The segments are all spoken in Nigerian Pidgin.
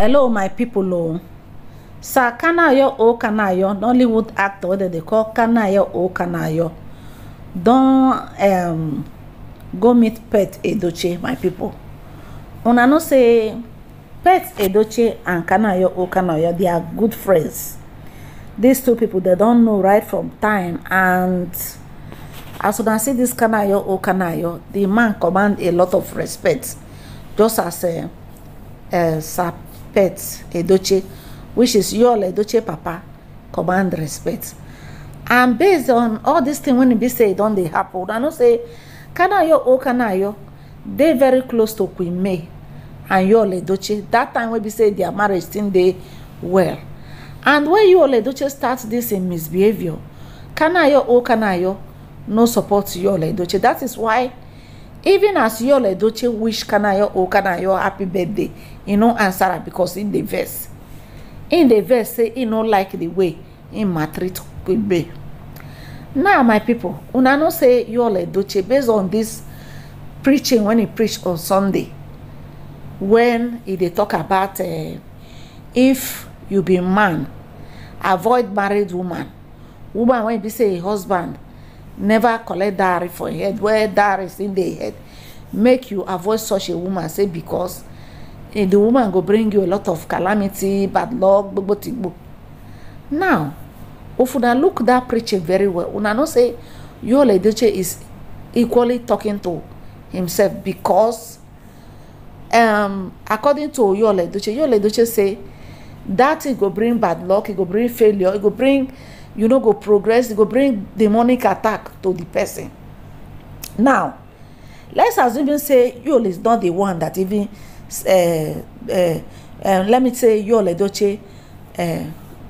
hello my people oh sir kanayo o oh, kanayo nollywood actor wey dem dey call kanayo o oh, kanayo do um, go meet pet edoche my people una know say pet edoche and kanayo o yo they are good friends these two people they don't know right from time and as you can see this kanayo o kanayo the man command a lot of respect just as a, uh, a uh, sir pet edoche which is yul edoche papa command respect and based on all dis thing wey e be say e don dey happen i know say kanayo o oh, kanayo dey very close to queen may and yul edoche That time wey be say dia marriage still dey well and when yul edoche start this im misbehaviour kanayo o oh, kanayo no support yul edoche That is why even as yul edoche wish kanayo o oh, kanayo happy birthday e no answer am because e dey vex e dey vex say e no like the way e maltreat igbe now my people una know say yul edochie based on this preaching when he preach on sunday when he dey talk about uh, if you be man avoid married woman woman wey be say husband never collect dowry for head where dowry still dey head make you avoid such a woman say because the woman go bring you a lot of calamity bad luck gbogbo tigbo now if una look that preaching very well una know say yul edochie is equally talking to himself because um, according to yul edochie yul edochie say that e go bring bad luck e go bring failure e go bring you no go progress e go bring demonic attack to the person now let's assume say yul is not the one that even Eh, eh, eh, let me say yole doche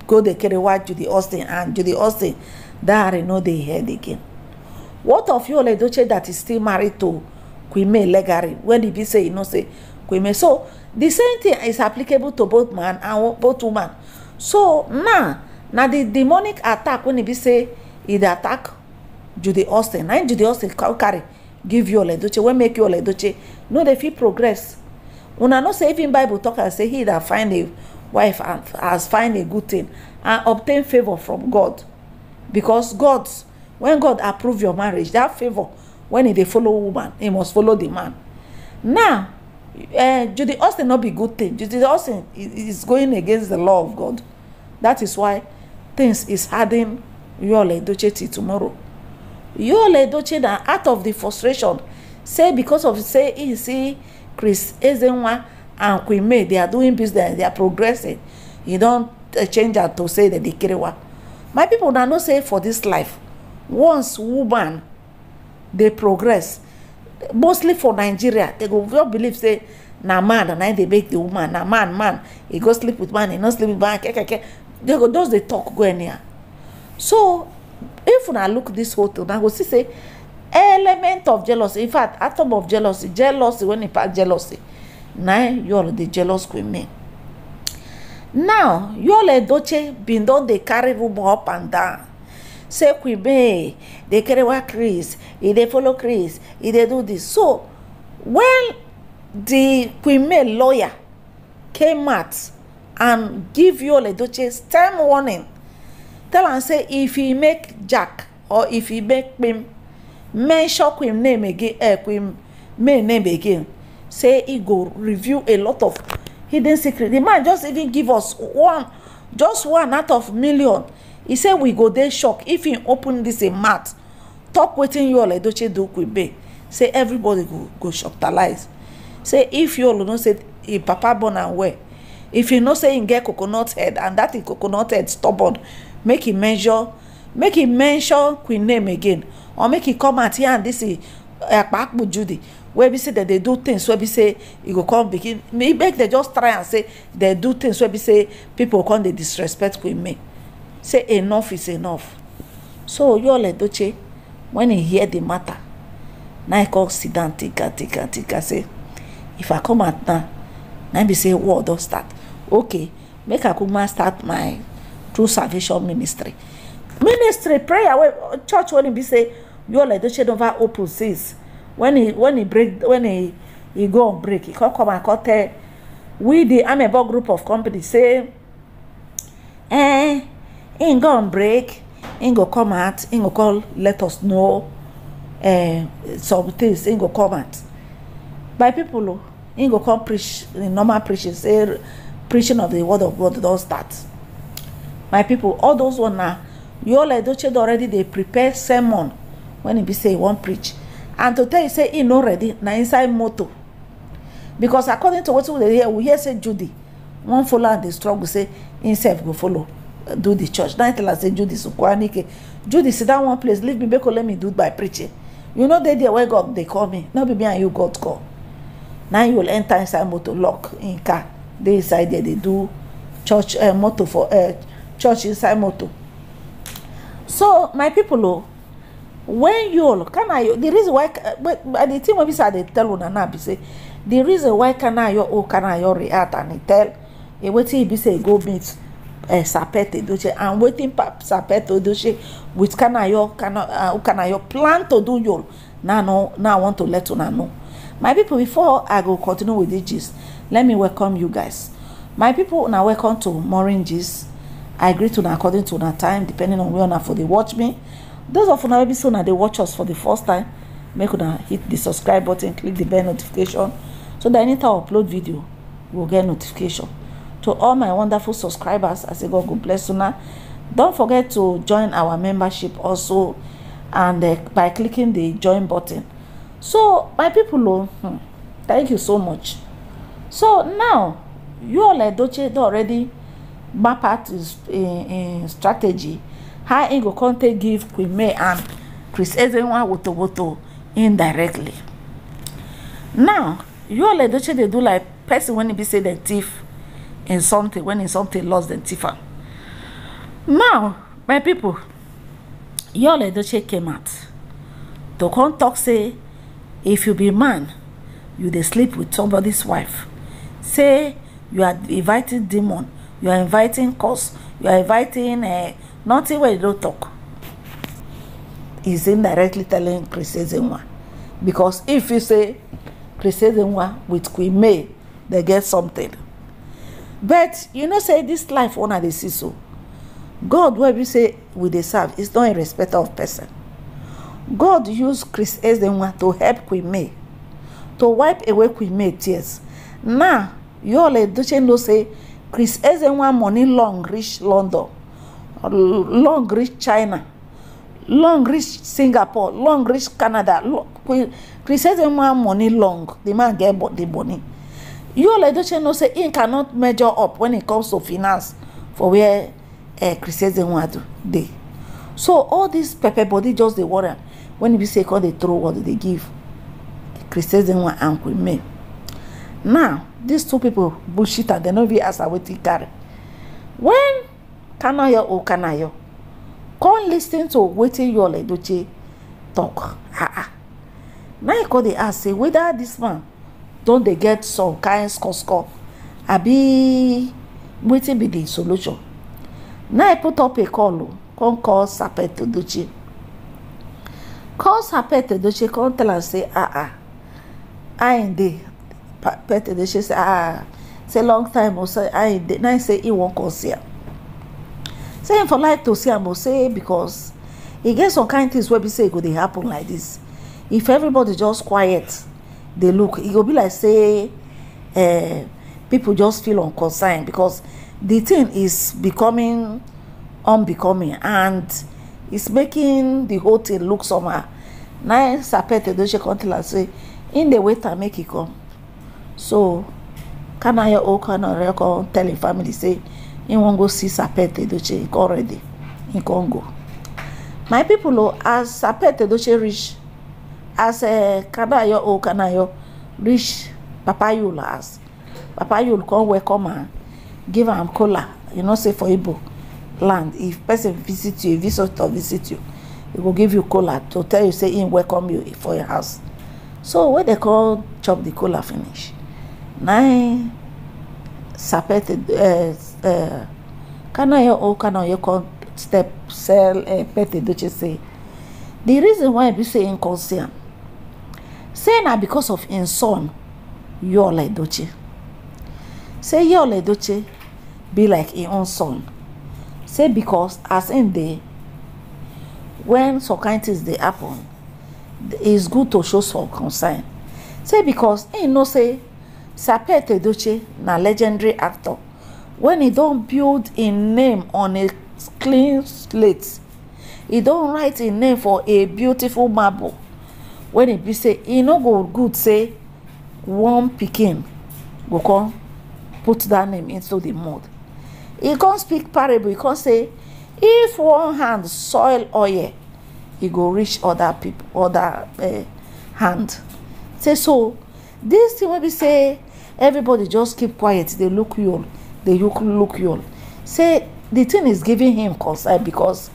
go the carry white to the austin and to the austin dare know they head again what of yole doche that is still married to kwime legari when e be say e know say kwime so the same thing is applicable to both man and both woman so now now the demonic attack when he be say e dey attack judy austin na im judy austin carry give you doche When make you doche no they feel progress una know say even bible talk am say he that find a wife has find a good thing and obtain favour from god because god when god approve your marriage that favour when he dey follow woman he must follow the man now eh, judy austin no be good thing judy austin is going against the law of god that is why things is adding yole edoche till tomorrow yole edoche na out of the frustration say because of say e see chris eze nwa and kwime they are doing business they are progressing e don uh, change am to say dem dey carry work my people na know say for dis life once woman. dey progress mostly for nigeria dem go don believe say na man na im dey make di woman na man man e go sleep with man e no sleep with man kekeke dem go just dey talk go anyhow so if una look dis hotel na go see say. element of jealousy in fact atom of jealousy jealousy when im pass jealousy na all dey jealous queen me. now yul edoche bin don dey carry rumor up and down say queen may dey carry one chris e dey follow chris e dey do this so when di queen may lawyer came out and give yul edoche stern warning tell am say if e make jack or if e make pim mention queen name again Eh, queen may name again say he go review a lot of hidden secret the man just even give us one just one out of million He say we go there shock if he open this a mat. talk wetin yul edochie do queen be. say everybody go go shocktalize say if you all know say he papa born and where. if you know say im get coconut head and that im coconut head stubborn make him measure make e mention queen name again or make he come at here and this dis eh, akpakpo judy Where we say that they do things Where we say e go come begin maybe they just try and say they do things Where we say people come they disrespect queen me. say enough is enough so you oyole edoche When he hear the matter now he come sit down think and think and think and say if i come at now na be say what don start okay make i kuma start my true salvation ministry ministry prayer where church wey be say yola edoshedover open says when he when he break when he he go on break he come come and come tell we the amebo group of company say eh him go on break him go come out him go come let us know eh, some things him go come out by people o oh, him go come preach the normal preaching say preaching of the word of god don start my people all those one na yola edochie don already dey prepare sermon when he be say he wan preach and to tell you say he no ready na inside motor because according to wetin we dey hear we hear say judy wan follow am dey struggle say himself go follow uh, do the church na tell am say judy sukwanike judy sit down one place leave me make let me do by preaching you no dey there where god dey call me no be me and you god call na you will enter inside motor lock im car dey inside there dey do church uh, motor for uh, church inside motor so my people o oh, when you can yo the reason why but the thing wey be i dey tell una now be say the reason why kana yo oh kana yo oh, react and e tell e wetin e be say e go meet uh, eh, sapete edoche and wetin sapete edoche with can kanayo oh, can uh, can kanayo oh, plan to do yolo now no now i want to let una know my people before i go continue with this gist let me welcome you guys my people una welcome to morning gist i greet una according to una time depending on where una for dey watch me those of una wey be so na dey watch us for the first time make una hit the subscribe button click the bell notification so that anytime i upload video you go get notification to all my wonderful subscribers i say god go bless una don't forget to join our membership also and uh, by clicking the join button so my people oh hmm, thank you so much so now you all like doche don already map out his uh, uh, strategy how im go come take give queen and chris ezenwa wotowoto indirectly now yul edochie they do like person when he be say dem thief in something when in something lost dem thief am now my people yul edochie came out to come talk say if you be man you dey sleep with somebody's wife say you are inviting demon you are inviting curse you are inviting uh, nothing wey no talk is indirectly telling chris ezenwa because if you say chris ezenwa with queen may dey get something but you know say this life una dey see so god wey be say we dey serve is not a respecter of person god use chris ezenwa to help queen may to wipe away queen may tears now yul edochie eh, know say chris ezenwa money long reach london long reach china long reach singapore long reach canada christian say man money long the man get the money You, yul edochie know say him cannot measure up when it comes to finance for where eh, christian zenwadu dey so all this pepper body just dey worry When wen be say come dey throw what they give christian want and queen may now these two people bullshit am dem no be as her wetin carry When kanayo o kanayo come lis ten to wetin your ledoche talk ah ah na e come dey ask say whether this man don dey get some kind score score abi wetin be the solution na e put up a call o come call sapet edoche call sapet edoche come tell am say ah ah ayinde sapet edoche say ah say long time o say ayinde na e say e wan come see am say for like to see am o say because e get some kind things wey be say e go dey happen like this if everybody just quiet dey look e go be like say uh, people just feel unconcerned because the thing is becoming unbecoming and it's making the whole thing look somehow na sapet edoche kontila say im dey wait am make e come so kanayo okanore come tell im family say In wan go see sapete edoche already he con go my people o oh, as sapete doche reach as eh, kanayo o kanayo reach papa yul as papa yul come welcome am give am kola you know say for igbo land if person visit you a visitor visit you he go give you kola to tell you say him welcome you for your house so wey dey call chop the kola finish na sapete eh, kana yɛ o kana yɛ kɔ step cell eh, pɛtɛ do kye se the reason why bi say nkɔsia say na because of im son like, yɔɔla edoche say like, yɔɔla edoche be like im own son say because as in the, when so kind things they happen e good to show some concern say because im eh, no say sapete edoche eh, na legendary actor when he don build im name on a clean slate he don write im name for a beautiful marble when he be say e no go good say one pikin go come put that name into the mud He come speak parable He come say if one hand soil oil e go reach other people other uh, hand say so this thing wey be say everybody just keep quiet dey look you dey look you all say the thing is giving him concern because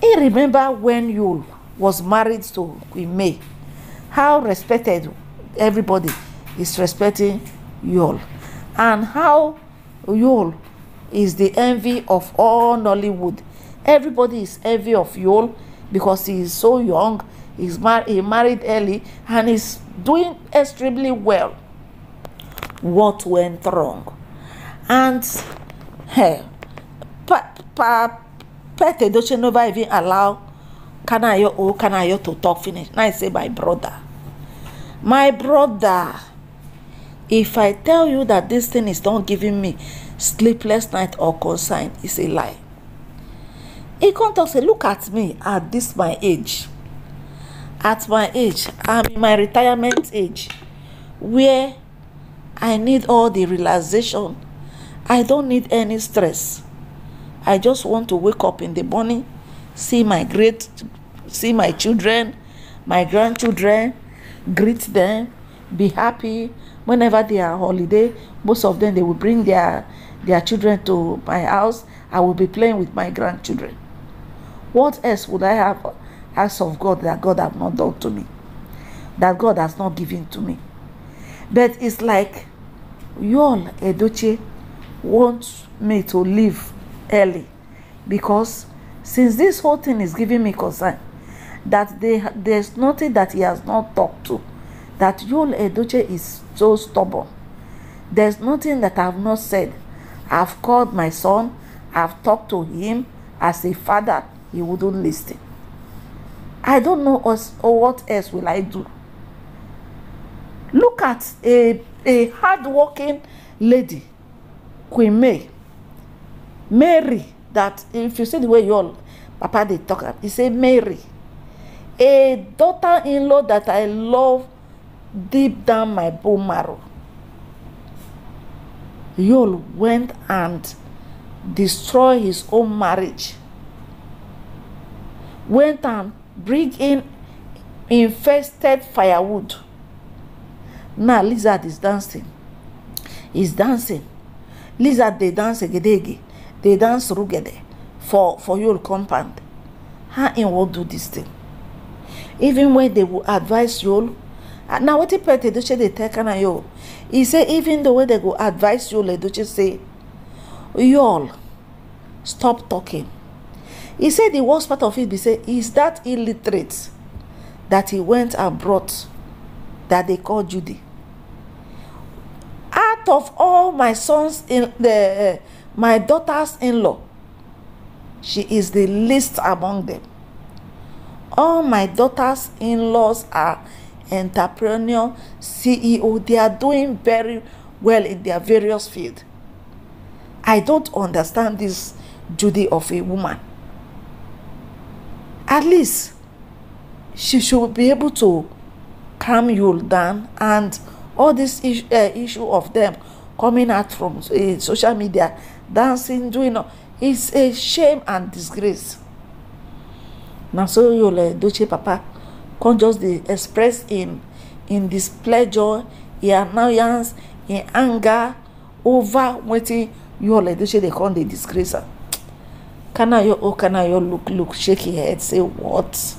he remember when yul was married to queen may how respected everybody is respecting yul and how yul is the envy of all nollywood everybody is envy of yul because he is so young he's mar he married early and he's doing extremely well what went wrong and hey, pa, pa, Pete Edochie never even allow Kanayo or Kanayo to talk finish. Now I say my brother. My brother, if I tell you that this thing is not giving me sleepless night or consign, it's a lie. He come talk say look at me at this my age. At my age, I'm in my retirement age where I need all the realization I don't need any stress. I just want to wake up in the morning, see my great, see my children, my grandchildren, greet them, be happy. Whenever they are holiday, most of them they will bring their their children to my house. I will be playing with my grandchildren. What else would I have asked of God that God have not done to me, that God has not given to me? But it's like, y'all, Edoche, want me to leave early because since this whole thing is giving me concern that they there's nothing that he has not talked to that Yul Edochie is so stubborn there's nothing that I've not said I've called my son I've talked to him as a father he wouldn't listen I don't know us or what else will I do look at a a hardworking lady queen may mary that if you see the way your papa they talk he say mary a daughter-in-law that i love deep down my bone marrow yul went and destroy his own marriage went and bring in infested firewood now lizard is dancing is dancing lizard dey dance egedege dey dance rugede for for your compound how im wan do dis thing even wen dey advise advice ah, na wetin pet edoche dey tell kenai yall e say even though wey dem go advise you edoche say yall stop talking e say di worst part of it be say is dat illiterate dat he went and brought dat dey call judy. of all my sons in the uh, my daughters in law she is the least among them all my daughters in laws are entrepreneur ceo they are doing very well in their various field i don't understand this Judy of a woman at least she should be able to calm you down and all this issue, uh, eh, issue of them coming out from uh, social media dancing doing all it's a shame and disgrace na so Yul Edochie papa come just dey express him him displeasure him annoyance him anger over wetin Yul Edochie dey come dey disgrace am Kanayo oh Kanayo oh, look look shake him head say what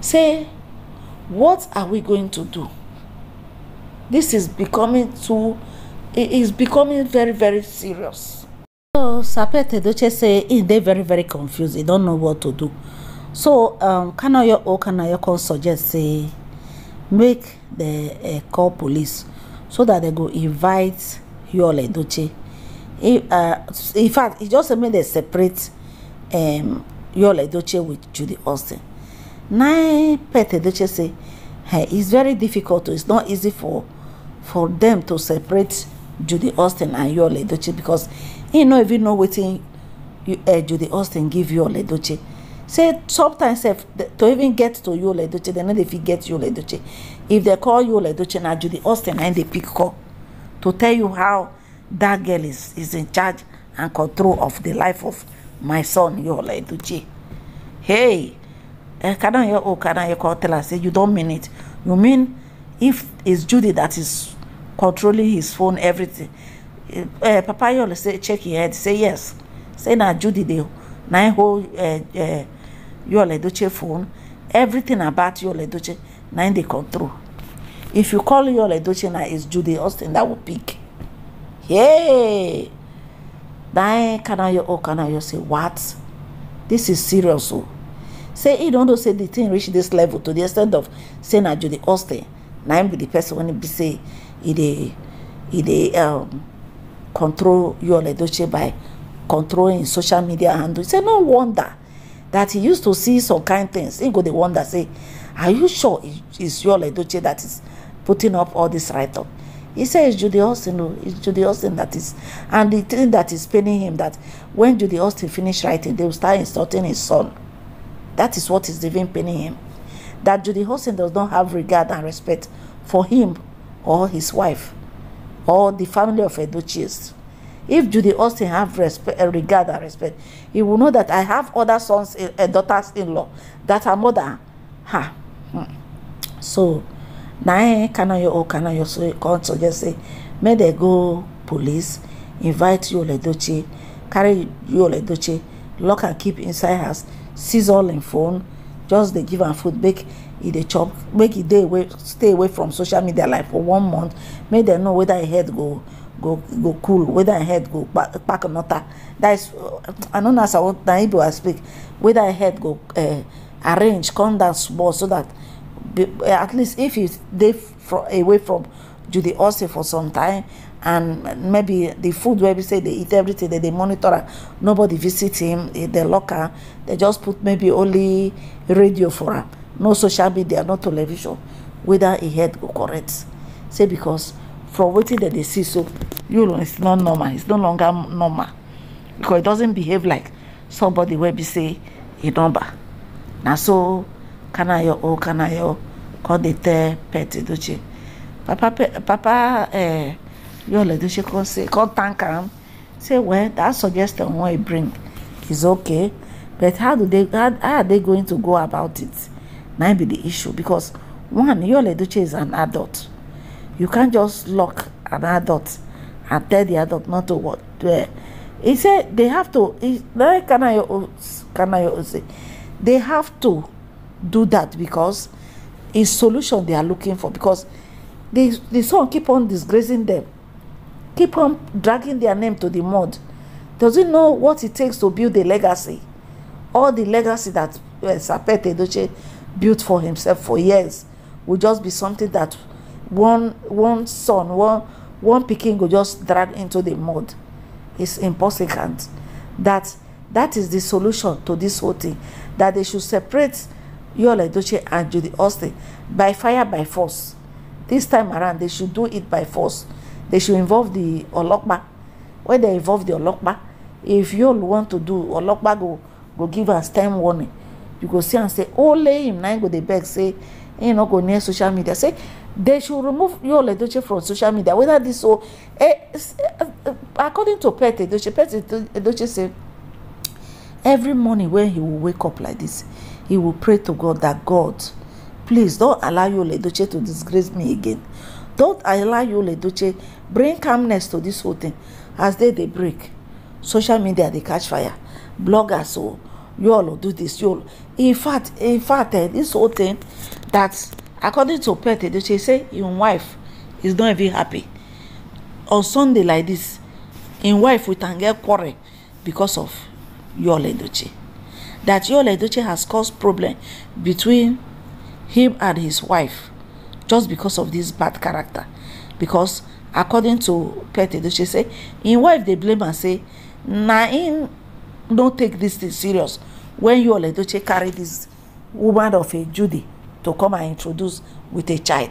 say what are we going to do this is becoming too it is becoming very very serious. so sapet edoche say he dey very very confused he don know what to do so um, kanayo okanayoko suggest say make the uh, call police so that they go invite yul edoche he, uh, in fact he just say make dem separate um, yul edoche with judy austin na pet edoche say hey, it's very difficult it's not easy for for them to separate judy austin and yul edoche because he no even know wetin eh, judy austin give yul edoche say sometimes sef eh, to even get to yul edoche dem no dey fit get yul edoche if they call yul edoche na judy austin na im dey pick call to tell you how that girl is is in charge and control of the life of my son yul edoche hey kadan yul o kadan yul call tell her say you don mean it you mean if it's judy that is controlling his phone everything uh, papa yoli say check him head say yes say na judy dey na him e hold uh, eh, uh, yoli edoche phone everything about yoli edoche na him e dey control if you call yoli edoche na is judy austin that will pick yay na e kanayo oh kanayo say what this is serious o. Oh. say e don know say the thing reach this level to the extent of say na judy austin na him be the person wey be say e dey e dey um, control Yul Edochie by controlling social media handle he say no wonder that he used to see some kind things he go dey wonder say are you sure it is Yul Edochie that is putting up all this write up he say it's Judy Austin o oh, it's Judy Austin that is and the thing that is paining him that when Judy Austin finish writing they will start insulting his son that is what is even paining him that Judy Austin does not have regard and respect for him or his wife or the family of Edochis. If Judy Austin have respect, uh, regard and respect, he will know that I have other sons and eh, eh, daughters-in-law that are mother. Ha. Hmm. So, now cannot oh, you or cannot so counsel just say, may they go police, invite Yul Edochie, carry Yul Edochie, lock and keep inside house, seize all in phone, just they give am food make e dey chop make e dey away stay away from social media like for one month make dem know whether e head go go go cool whether e head go kpack or that is uh, i no know as i want na igbo i speak whether e head go uh, arrange come down small so that be, uh, at least if e dey from away from judy ose for some time and maybe the food wey be say they eat everything They dey monitor am nobody visit him dey lock am They just put maybe only radio for am no social media no television whether e head go correct say because from wetin dem dey see so you know it's not normal it's no longer normal because it doesn't behave like somebody wey be say e number na so kanayo o oh kanayo come dey tell pet edoche papa papa eh, yoola edoche come say come thank am say well that suggestion wey e bring is okay but how do they how how are they going to go about it might be the issue because one your leduche is an adult you can't just lock an adult and tell the adult not to what uh, he said they have to he, can I can I say they have to do that because it's solution they are looking for because they the son keep on disgracing them keep on dragging their name to the mud does he know what it takes to build a legacy all the legacy that uh, eh, Sapete Edochie built for himself for years will just be something that one one son one one pikin go just drag into the mud it's impossible that that is the solution to this whole thing that they should separate Yola Edochie and Judy Austin by fire by force this time around they should do it by force they should involve the Olokpa when they involve the Olokpa if Yul want to do Olokpa go go give us time warning you go see am say only oh, him na him go dey beg say him no go near social media say they should remove Yul Edochie from social media whether this so eh, eh, eh according to Pete Edochie Pete Edochie say every morning when he will wake up like this he will pray to God that God please don't allow Yul Edochie to disgrace me again don't allow Yul Edochie bring calmness to this whole thing as they dey break social media dey catch fire bloggers o. Oh, so, you all will do this you all in fact in fact eh, this whole thing that according to pet she say im wife is not even happy on sunday like this in wife we can get quarrel because of yul edoche that yul edoche has caused problem between him and his wife just because of this bad character because according to pet she say in wife they blame and say na in. Don't take this thing serious When you oledoche carry this woman of a judy to come and introduce with a child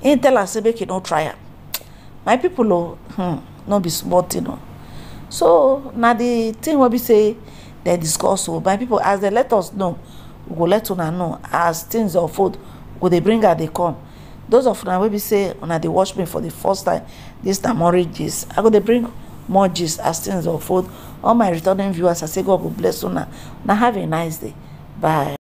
him tell am say make you no try am my people o oh, hmm, no be small thing o oh. so na the thing wey be say dem discuss o oh, my people as dem let us know we go let una know as things unfold we go dey bring am dey come those of una wey be say una dey watch me for the first time this na more gist i go dey bring more gist as things unfold all my returning viewers, I say God will bless you now. Now have a nice day. Bye.